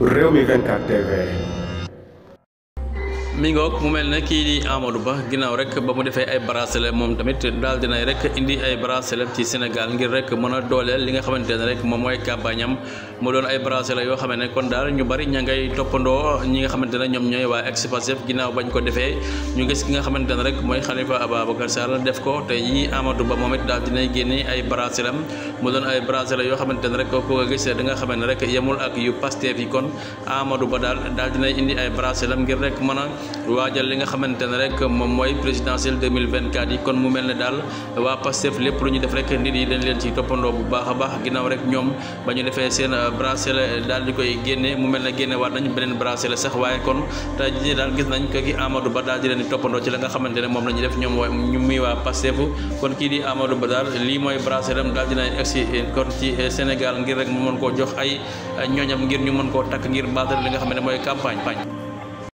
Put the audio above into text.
Rewmi 24 TV mingok ngoog mu mel ne kii di amadou ba ginnaaw rek ba mu defee ay bracelet moom tamit daal dinay rek indi ay bracelet ci sénégal ngir rek mën a dooleel li nga xamante rek moom mooy campagne mu doon ay bracelet yoo xamante ne kon daal ñu bari ña ngay toppandoo ñi nga xamante ne ñoom ñooy waa ex passif ginnaaw bañ ko defee ñu gis ki nga xamante rek mooy xalifa ababacar sall def ko tey yi amadou ba moom it daal dinay ay bracelet am mu doon ay bracelet yoo xamante rek ko ko gis da nga rek ak yu pastef yi kon amadou ba indi ay bracelet ngir rek waajal li nga xamante ne rek moom mooy présidentielle 2024 yi kon mu mel ne daal waa Pastef lépp lu ñu def rek nit yi dañ leen ci toppandoo bu baax a baax ginnaaw rek ñoom ba ñu defee seen euh, bracelet daal di koy génne mu mel ne génne waat nañ beneen la sax waaye kon tey jii daal gis nañ ko ki Amadou Ba daal di leen di toppandoo ci la nga xamante ne moom la ñu def ñoom mooy ñu muy waa Pastef kon kii di Amadou Ba daal lii mooy bracelet am daal dinañ agsi euh, kon ci euh, Sénégal ngir rek mu mën koo jox ay ñooñam ngir ñu mën koo takk ngir baatal li nga xam ne mooy campagne